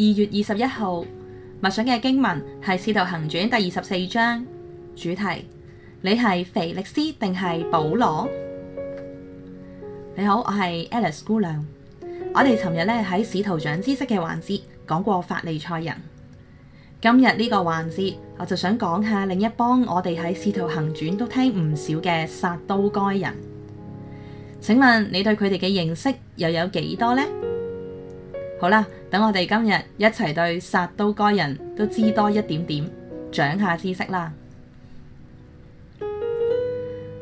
二月二十一號默想嘅經文係《使徒行傳》第二十四章，主題你係腓力斯定係保羅？你好，我係 Alice 姑娘。我哋尋日咧喺《使徒長知識環節》嘅環節講過法利賽人，今日呢個環節我就想講下另一幫我哋喺《使徒行傳》都聽唔少嘅撒都該人。請問你對佢哋嘅認識又有幾多呢？」好啦，等我哋今日一齊對撒都該人都知多一點點，長下知識啦。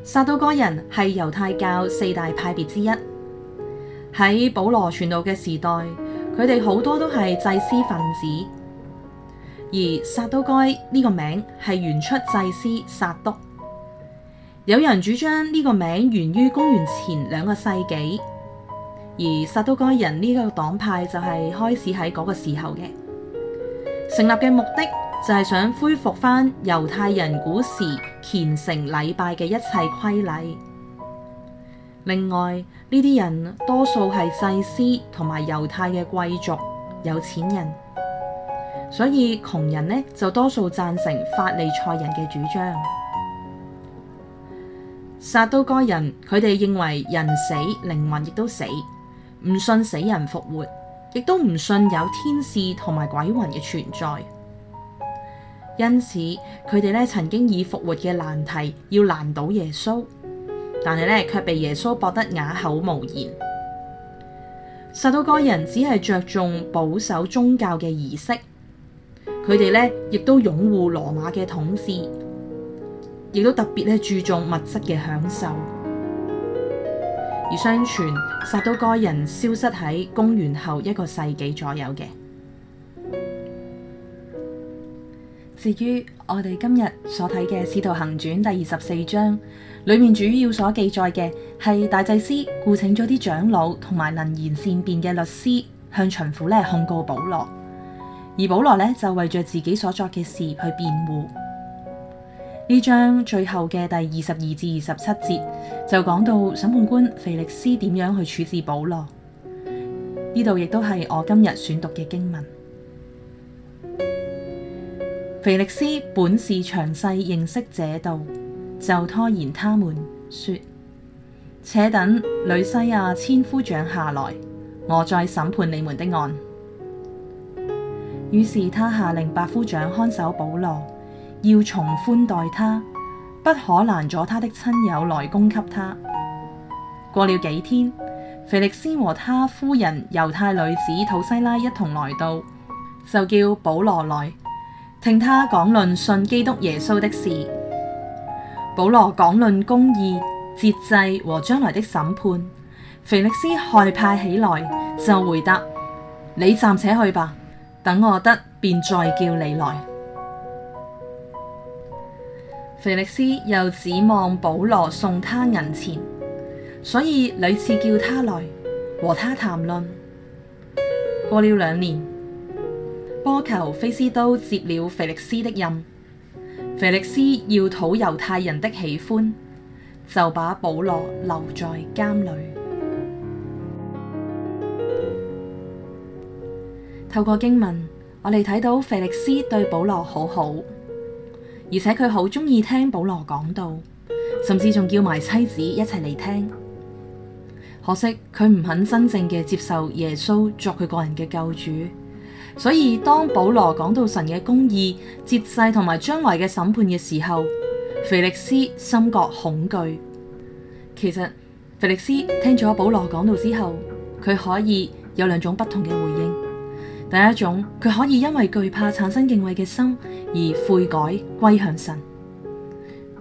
撒都該人係猶太教四大派別之一，喺保羅傳道嘅時代，佢哋好多都係祭司分子。而撒都該呢個名係源出祭司撒督，有人主張呢個名源於公元前兩個世紀。而撒都該人呢個黨派就係開始喺嗰個時候嘅，成立嘅目的就係想恢復翻猶太人古時虔誠禮拜嘅一切規例。另外呢啲人多數係祭司同埋猶太嘅貴族有錢人，所以窮人呢就多數贊成法利賽人嘅主張。撒都該人佢哋認為人死靈魂亦都死。唔信死人復活，亦都唔信有天使同埋鬼魂嘅存在。因此，佢哋咧曾經以復活嘅難題要難倒耶穌，但係咧卻被耶穌駁得啞口無言。撒都該人只係着重保守宗教嘅儀式，佢哋咧亦都擁護羅馬嘅統治，亦都特別咧注重物質嘅享受。而相傳殺到該人消失喺公元後一個世紀左右嘅。至於我哋今日所睇嘅《使徒行傳》第二十四章，裏面主要所記載嘅係大祭司僱請咗啲長老同埋能言善辯嘅律師，向巡撫控告保羅，而保羅呢就為著自己所作嘅事去辯護。呢章最後嘅第二十二至二十七節就講到審判官腓力斯點樣去處置保羅。呢度亦都係我今日選讀嘅經文。腓力斯本是詳細認識這道，就拖延他們說，且等呂西亞千夫長下來，我再審判你們的案。於是他下令百夫長看守保羅。要重寬待他，不可攔阻他的親友來供給他。過了幾天，腓力斯和他夫人猶太女子土西拉一同來到，就叫保羅來聽他講論信基督耶穌的事。保羅講論公義、節制和將來的審判，腓力斯害怕起來，就回答：你暫且去吧，等我得便再叫你來。腓力斯又指望保羅送他銀錢，所以屢次叫他來和他談論。過了兩年，波求菲斯都接了腓力斯的任，腓力斯要討猶太人的喜歡，就把保羅留在監裏。透過經文，我哋睇到腓力斯對保羅好好。而且佢好中意聽保羅講道，甚至仲叫埋妻子一齊嚟聽。可惜佢唔肯真正嘅接受耶穌作佢個人嘅救主，所以當保羅講到神嘅公義、節制同埋將來嘅審判嘅時候，腓力斯心覺恐懼。其實腓力斯聽咗保羅講道之後，佢可以有兩種不同嘅回應。第一種佢可以因為懼怕產生敬畏嘅心而悔改歸向神，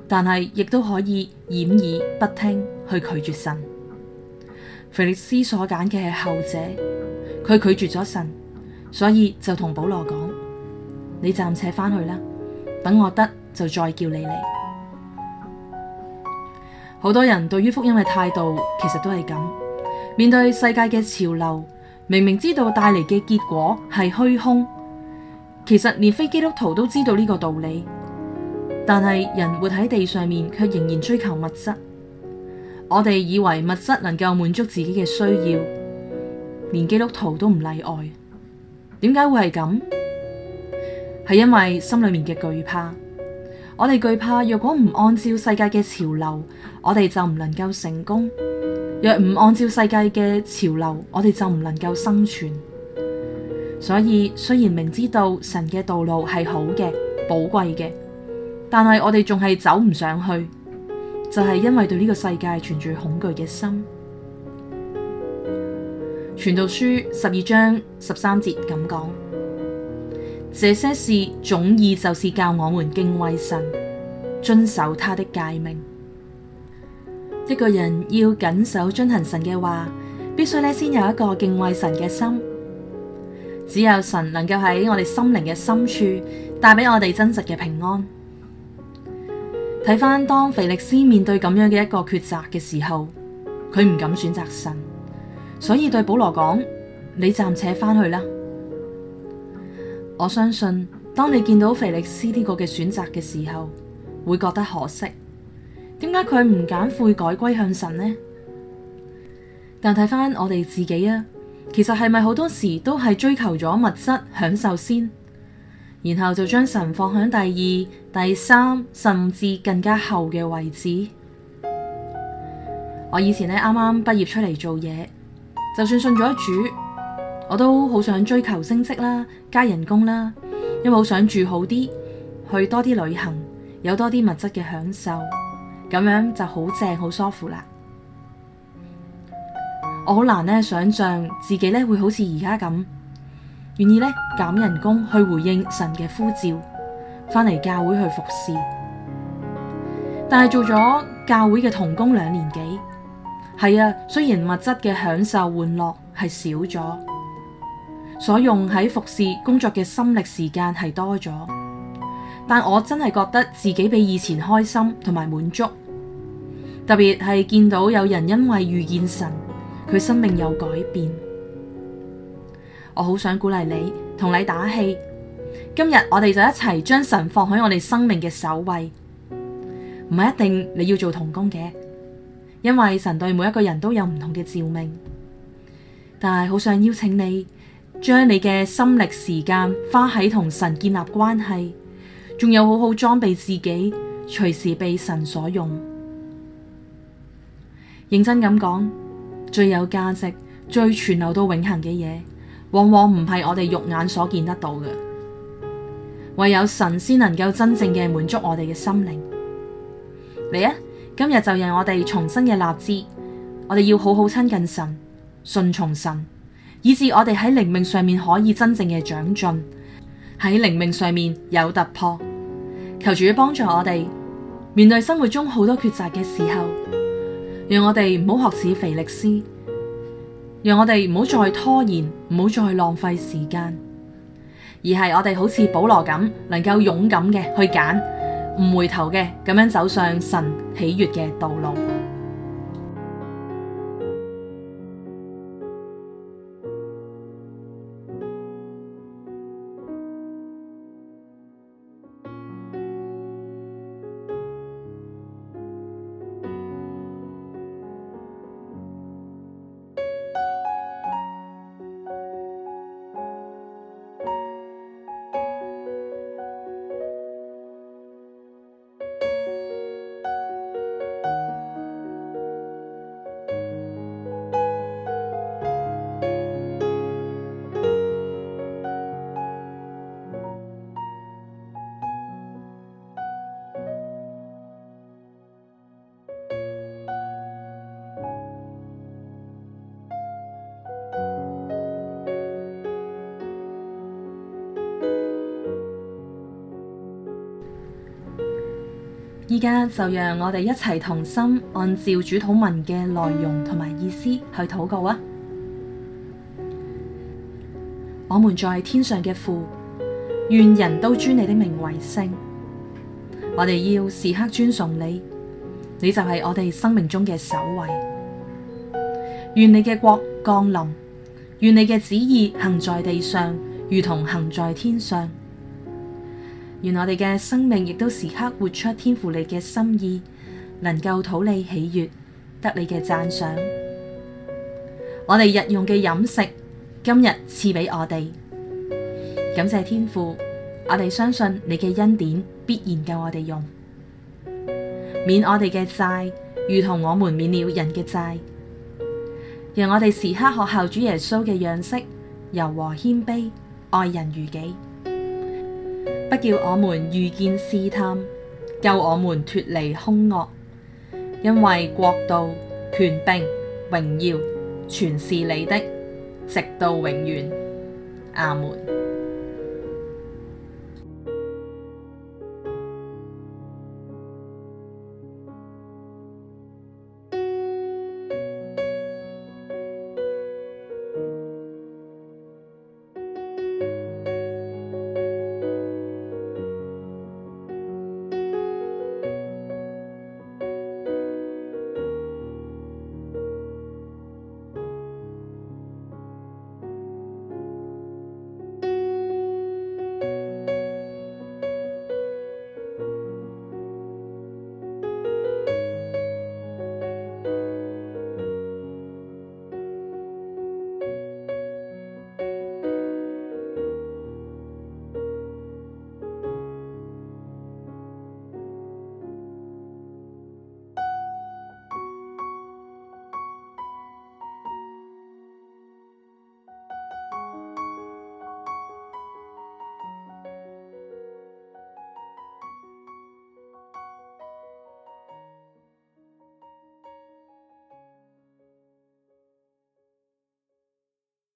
但係亦都可以掩耳不聽去拒絕神。腓力斯所揀嘅係後者，佢拒絕咗神，所以就同保羅講：你暫且翻去啦，等我得就再叫你嚟。好多人對於福音嘅態度其實都係咁，面對世界嘅潮流。明明知道帶嚟嘅結果係虛空，其實連非基督徒都知道呢個道理。但係人活喺地上面，卻仍然追求物質。我哋以為物質能夠滿足自己嘅需要，連基督徒都唔例外。點解會係咁？係因為心裏面嘅懼怕。我哋懼怕若果唔按照世界嘅潮流，我哋就唔能夠成功。若唔按照世界嘅潮流，我哋就唔能夠生存。所以雖然明知道神嘅道路係好嘅、寶貴嘅，但係我哋仲係走唔上去，就係因為對呢個世界存住恐懼嘅心。傳道書十二章十三節咁講，這些事總意就是教我們敬畏神，遵守他的誡命。一個人要謹守遵行神嘅話，必須呢先有一個敬畏神嘅心。只有神能夠喺我哋心靈嘅深處帶畀我哋真實嘅平安。睇翻，當腓力斯面對咁樣嘅一個抉擇嘅時候，佢唔敢選擇神，所以對保羅講：你暫且翻去啦。我相信當你見到腓力斯呢個嘅選擇嘅時候，會覺得可惜。點解佢唔揀悔改歸向神呢？但睇翻我哋自己啊，其實係咪好多時都係追求咗物質享受先，然後就將神放喺第二、第三，甚至更加後嘅位置？我以前咧啱啱畢業出嚟做嘢，就算信咗主，我都好想追求升職啦、加人工啦，因為好想住好啲、去多啲旅行、有多啲物質嘅享受。咁樣就好正好舒服啦！我好難呢想象自己呢會好似而家咁，願意呢減人工去回應神嘅呼召，返嚟教會去服侍。但係做咗教會嘅同工兩年幾，係啊，雖然物質嘅享受玩樂係少咗，所用喺服侍工作嘅心力時間係多咗。但我真係覺得自己比以前開心同埋滿足，特別係見到有人因為遇見神，佢生命有改變。我好想鼓勵你同你打氣。今日我哋就一齊將神放喺我哋生命嘅首位，唔係一定你要做同工嘅，因為神對每一個人都有唔同嘅召命。但係好想邀請你，將你嘅心力時間花喺同神建立關係。仲有好好裝備自己，隨時被神所用。認真咁講，最有價值、最存留到永恆嘅嘢，往往唔係我哋肉眼所見得到嘅。唯有神先能夠真正嘅滿足我哋嘅心靈。嚟啊！今日就讓我哋重新嘅立志，我哋要好好親近神，順從神，以致我哋喺靈命上面可以真正嘅長進。喺靈命上面有突破，求主幫助我哋面對生活中好多抉擇嘅時候，讓我哋唔好學似腓力斯，讓我哋唔好再拖延，唔好再浪費時間，而係我哋好似保羅咁，能夠勇敢嘅去揀，唔回頭嘅咁樣走上神喜悅嘅道路。而家就讓我哋一齊同心，按照主禱文嘅內容同埋意思去禱告啊！我們在天上嘅父，願人都尊你的名為聖。我哋要時刻尊崇你，你就係我哋生命中嘅首位。願你嘅國降臨，願你嘅旨意行在地上，如同行在天上。願我哋嘅生命亦都時刻活出天父你嘅心意，能夠討你喜悅，得你嘅讚賞。我哋日用嘅飲食，今日賜畀我哋，感謝天父。我哋相信你嘅恩典必然夠我哋用，免我哋嘅債，如同我們免了人嘅債。讓我哋時刻學效主耶穌嘅樣式，柔和謙卑，愛人如己。不叫我們遇見試探，救我們脫離凶惡，因為國度、權柄、榮耀，全是你的，直到永遠。阿門。